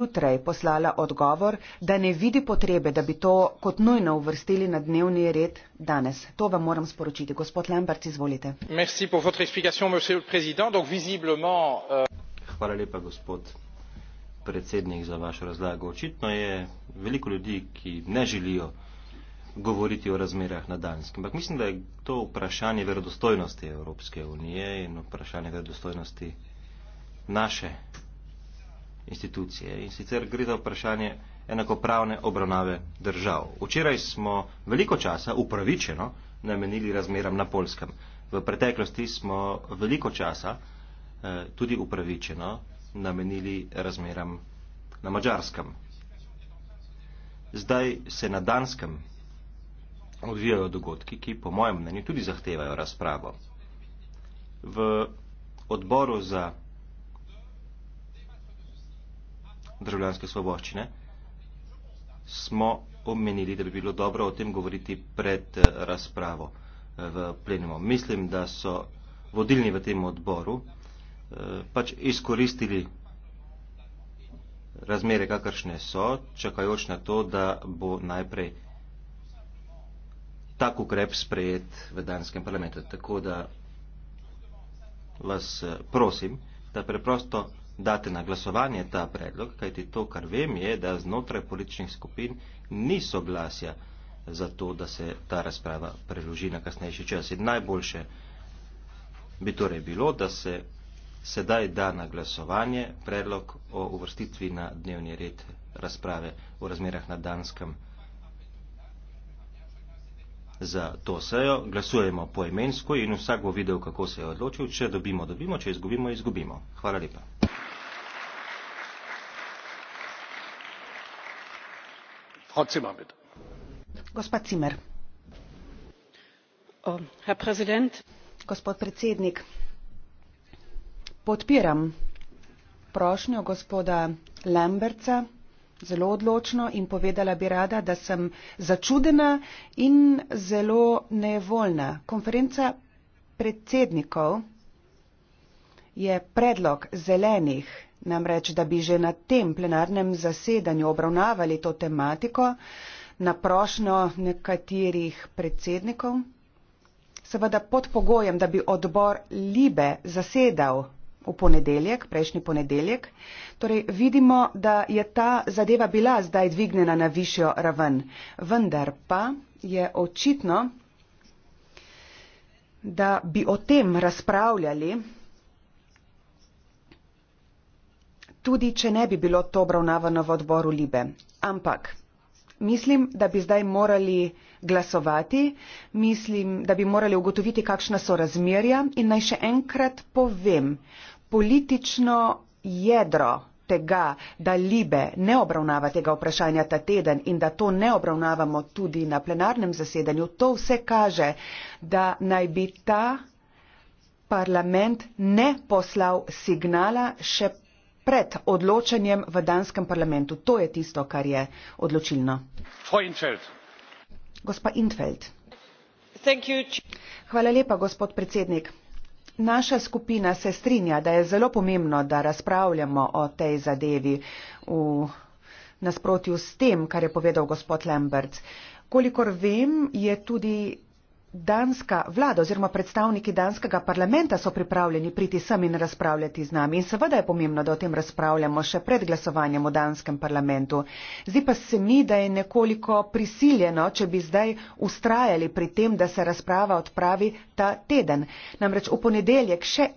jutraj poslala odgovor, da ne vidi potrebe, da bi to kot nujno uvrstili na dnevni red danes. To vam moram sporočiti. Gospod Lambert, izvolite. Euh, Hvala lepa, gospod predsednik, za vašo razlago. Očitno je veliko ljudi, ki ne želijo govoriti o razmerah na Danskem. Ampak mislim, da je to vprašanje verodostojnosti Evropske unije in vprašanje verodostojnosti naše institucije. In sicer gre za vprašanje enakopravne obravnave držav. Včeraj smo veliko časa upravičeno namenili razmeram na Polskem. V preteklosti smo veliko časa eh, tudi upravičeno namenili razmeram na Mačarskem. Zdaj se na Danskem odvijajo dogodki, ki po mojem mnenju tudi zahtevajo razpravo. V odboru za državljanske svoboščine, smo omenili, da bi bilo dobro o tem govoriti pred eh, razpravo eh, v plenumu. Mislim, da so vodilni v tem odboru eh, pač izkoristili razmere, kakršne so, čakajoč na to, da bo najprej tak ukrep sprejet v danskem parlamentu. Tako da vas prosim, da preprosto date na glasovanje ta predlog, kajti to, kar vem, je, da znotraj političnih skupin ni soglasja za to, da se ta razprava preloži na kasnejši čas. In najboljše bi torej bilo, da se sedaj da na glasovanje predlog o uvrstitvi na dnevni red razprave o razmerah na Danskem za to sejo. Glasujemo poimensko in vsak bo videl, kako se je odločil. Če dobimo, dobimo. Če izgubimo, izgubimo. Hvala lepa. herr präsident gospod predsednik podpiram prošnjo gospoda lamberta zelo odločno in povedala bi rada da sem začudena in zelo nejevoljna. konferenca predsednikov je predlog zelenih Namreč, da bi že na tem plenarnem zasedanju obravnavali to tematiko na prošnjo nekaterih predsednikov, seveda pod pogojem, da bi odbor Libe zasedal v ponedeljek, prejšnji ponedeljek, torej vidimo, da je ta zadeva bila zdaj dvignjena na višjo raven. Vendar pa je očitno, da bi o tem razpravljali tudi če ne bi bilo to obravnavano v odboru Libe. Ampak mislim, da bi zdaj morali glasovati, mislim, da bi morali ugotoviti, kakšna so razmerja in naj še enkrat povem, politično jedro tega, da Libe ne obravnava tega vprašanja ta teden in da to ne obravnavamo tudi na plenarnem zasedanju, to vse kaže, da naj bi ta parlament ne poslal signala, še pred odločanjem v danskem parlamentu. To je tisto, kar je odločilno. Gospa Intfeld. Hvala lepa, gospod predsednik. Naša skupina se strinja, da je zelo pomembno, da razpravljamo o tej zadevi v nasprotju s tem, kar je povedal gospod Lambert. Kolikor vem, je tudi danska vlada oziroma predstavniki danskega parlamenta so pripravljeni priti sem in razpravljati z nami. In seveda je pomembno, da o tem razpravljamo še pred glasovanjem v danskem parlamentu. Zdi pa se mi, da je nekoliko prisiljeno, če bi zdaj ustrajali pri tem, da se razprava odpravi ta teden. Namreč v ponedeljek še.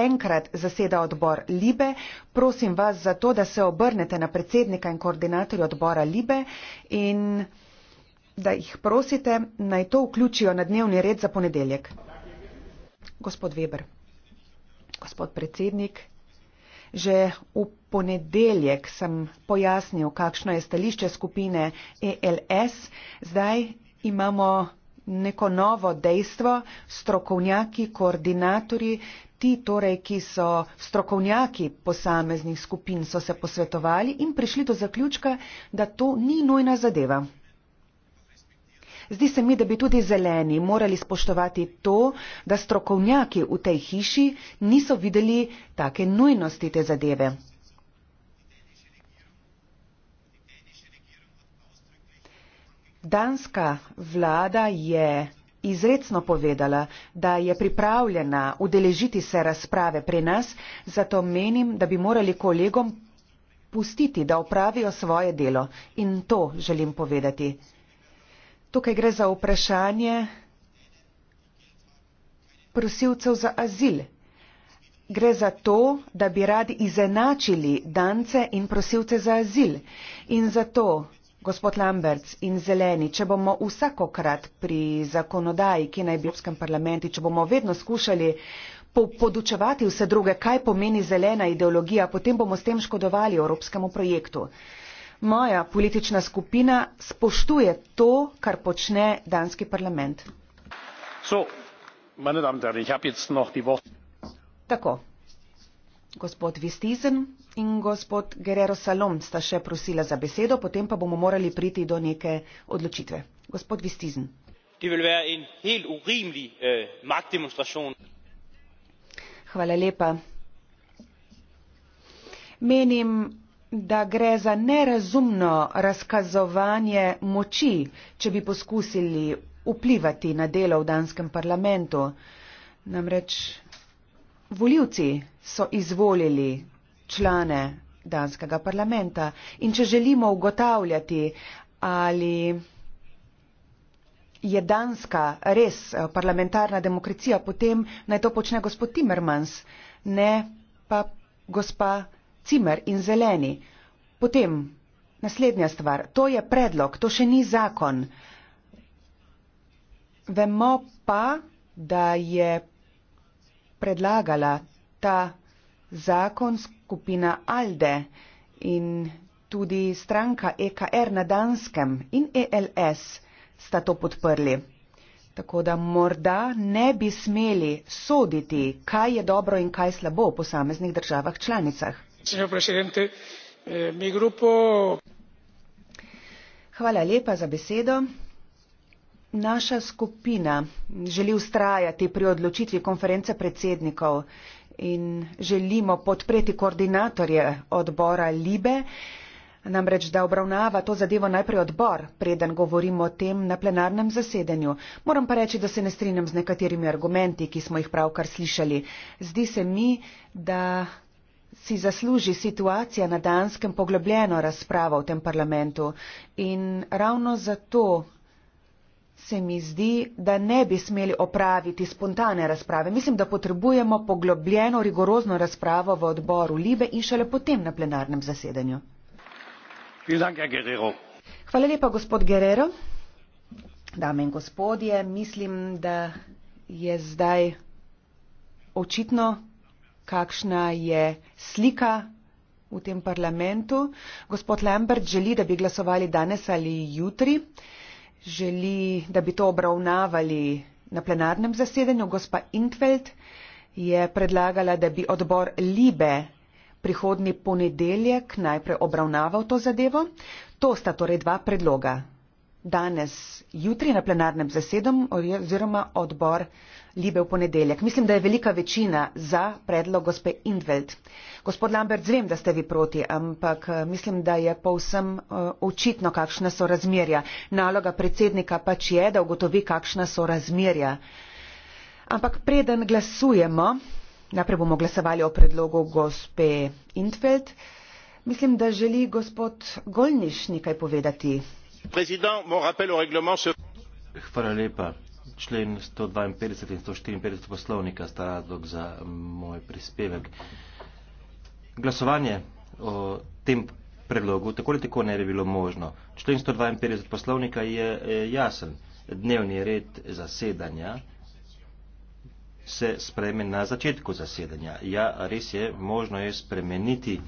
Enkrat zaseda odbor Libe. Prosim vas za to, da se obrnete na predsednika in koordinatorja odbora Libe in da jih prosite, naj to vključijo na dnevni red za ponedeljek. Gospod Weber, gospod predsednik, že v ponedeljek sem pojasnil, kakšno je stališče skupine ELS. Zdaj imamo neko novo dejstvo, strokovnjaki, koordinatori, ti torej, ki so strokovnjaki posameznih skupin, so se posvetovali in prišli do zaključka, da to ni nujna zadeva. Zdi se mi, da bi tudi zeleni morali spoštovati to, da strokovnjaki v tej hiši niso videli take nujnosti te zadeve. Danska vlada je izredno povedala, da je pripravljena udeležiti se razprave pri nas, zato menim, da bi morali kolegom pustiti, da opravijo svoje delo. In to želim povedati. Tukaj gre za vprašanje prosilcev za azil. Gre za to, da bi radi izenačili dance in prosilce za azil. In zato, gospod Lamberc in zeleni, če bomo vsakokrat pri zakonodaji, ki naj bi v Evropskem parlamentu, če bomo vedno skušali po podučevati vse druge, kaj pomeni zelena ideologija, potem bomo s tem škodovali Evropskemu projektu moja politična skupina spoštuje to kar počne danski parlament. tako gospod vistisen in gospod guerrero salom sta še prosila za besedo potem pa bomo morali priti do neke odločitve. gospod vistisen øh, hvala lepa. menim da gre za nerazumno razkazovanje moči, če bi poskusili vplivati na delo v danskem parlamentu. Namreč voljivci so izvolili člane danskega parlamenta in če želimo ugotavljati, ali je danska res eh, parlamentarna demokracija, potem naj to počne gospod Timmermans, ne pa gospa cimer in zeleni. Potem naslednja stvar, to je predlog, to še ni zakon. Vemo pa, da je predlagala ta zakon skupina Alde in tudi stranka EKR na Danskem in ELS sta to podprli. Tako da morda ne bi smeli soditi, kaj je dobro in kaj slabo v posameznih državah članicah señor presidente eh, mi grupo Hvala lepa za besedo. Naša skupina želi ustrajati pri odločitvi konference predsednikov in želimo podpreti koordinatorje odbora Libe, namreč da obravnava to zadevo najprej odbor, preden govorimo o tem na plenarnem zasedanju. Moram pa reči, da se ne strinjam z nekaterimi argumenti, ki smo jih pravkar slišali. Zdi se mi, da si zasluži situacija na danskem poglobljeno razpravo v tem parlamentu. In ravno zato se mi zdi, da ne bi smeli opraviti spontane razprave. Mislim, da potrebujemo poglobljeno, rigorozno razpravo v odboru Libe in šele potem na plenarnem zasedanju. Hvala lepa, gospod Guerrero. Dame in gospodje, mislim, da je zdaj očitno kakšna je slika v tem parlamentu. Gospod Lambert želi, da bi glasovali danes ali jutri, želi, da bi to obravnavali na plenarnem zasedanju. Gospa Intveld je predlagala, da bi odbor Libe prihodni ponedeljek najprej obravnaval to zadevo. To sta torej dva predloga danes, jutri na plenarnem zasedanju oziroma odbor Libe v ponedeljek. Mislim, da je velika večina za predlog gospe Indveld. Gospod Lambert, vem, da ste vi proti, ampak eh, mislim, da je povsem eh, očitno, kakšna so razmerja. Naloga predsednika pač je, da ugotovi, kakšna so razmerja. Ampak preden glasujemo, najprej bomo glasovali o predlogu gospe Indveld, mislim, da želi gospod Golniš nekaj povedati président mon rappel au règlement se Hvala lepa. Člen 152 in 154 poslovnika sta razlog za moj prispevek. Glasovanje o tem predlogu tako ali tako ne bi bilo možno. Člen 152 poslovnika je e, jasen. Dnevni red zasedanja se spreme na začetku zasedanja. Ja, res je, možno je spremeniti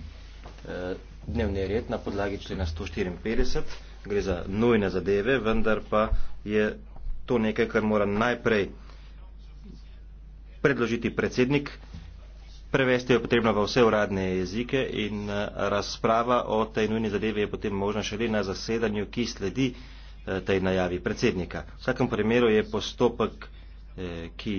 e, dnevni red na podlagi člena 154 gre za nujne zadeve, vendar pa je to nekaj, kar mora najprej predložiti predsednik, prevesti jo potrebno v vse uradne jezike in eh, razprava o tej nujni zadevi je potem možna šele na zasedanju, ki sledi eh, tej najavi predsednika. V vsakem primeru je postopek, eh, ki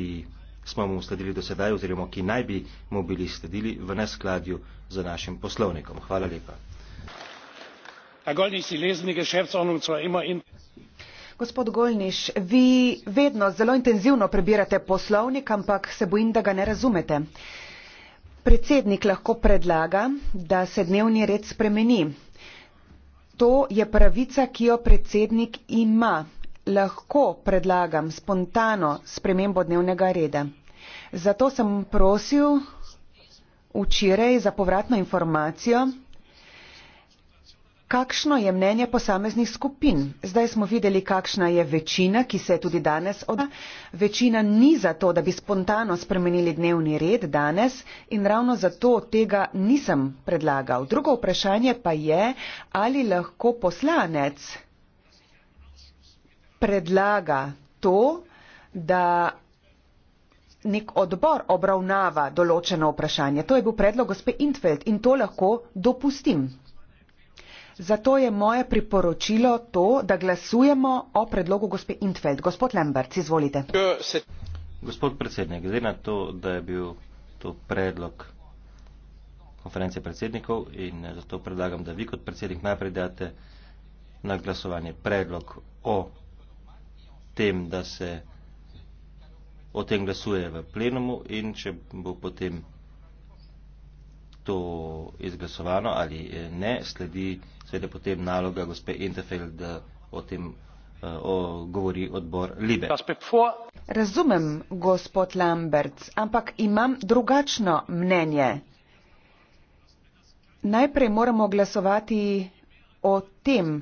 smo mu sledili do sedaj, oziroma ki naj bi mu bili sledili v neskladju z našim poslovnikom. Hvala lepa gospod gollnisch vi vedno zelo intenzivno prebirate poslovnik ampak se bojim da ga ne razumete. predsednik lahko predlaga da se dnevni red spremeni to je pravica ki jo predsednik ima lahko predlagam spontano spremembo dnevnega reda zato sem prosil včeraj za povratno informacijo kakšno je mnenje posameznih skupin. Zdaj smo videli, kakšna je večina, ki se je tudi danes odločila. Večina ni za to, da bi spontano spremenili dnevni red danes in ravno zato tega nisem predlagal. Drugo vprašanje pa je, ali lahko poslanec predlaga to, da nek odbor obravnava določeno vprašanje. To je bil predlog gospe Intfeld in to lahko dopustim. Zato je moje priporočilo to, da glasujemo o predlogu gospe Intfeld. Gospod Lemberc, izvolite. Gospod predsednik, glede na to, da je bil to predlog konference predsednikov in zato predlagam, da vi kot predsednik najprej date na glasovanje predlog o tem, da se o tem glasuje v plenumu in če bo potem to izglasovano ali eh, ne, sledi seveda potem naloga gospe Interfeld, da o tem eh, o, govori odbor Libe. Razumem, gospod Lambert, ampak imam drugačno mnenje. Najprej moramo glasovati o tem,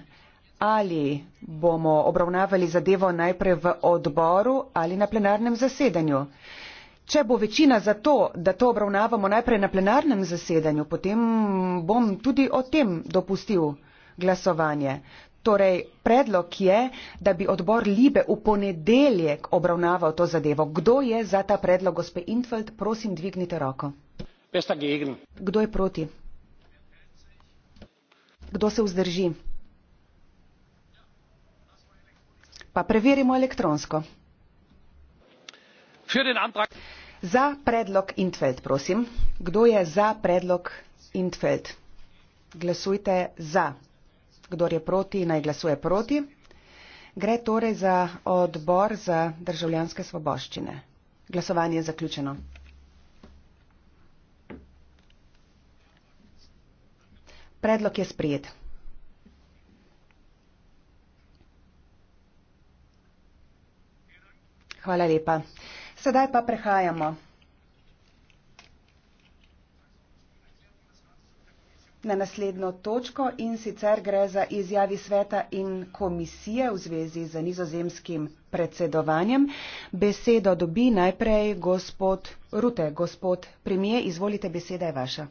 ali bomo obravnavali zadevo najprej v odboru ali na plenarnem zasedanju. Če bo večina za to, da to obravnavamo najprej na plenarnem zasedanju, potem bom tudi o tem dopustil glasovanje. Torej, predlog je, da bi odbor Libe v ponedeljek obravnaval to zadevo. Kdo je za ta predlog, gospe Infeld? Prosim, dvignite roko. Kdo je proti? Kdo se vzdrži? Pa preverimo elektronsko za predlog intfeld prosim kdo je za predlog intfeld glasujte za kdor je proti naj glasuje proti gre torej za odbor za državljanske svoboščine glasovanje je zaključeno predlog je sprejet hvala lepa Sedaj pa prehajamo na naslednjo točko in sicer gre za izjavi sveta in komisije v zvezi z nizozemskim predsedovanjem. Besedo dobi najprej gospod Rute. Gospod premije, izvolite, beseda je vaša.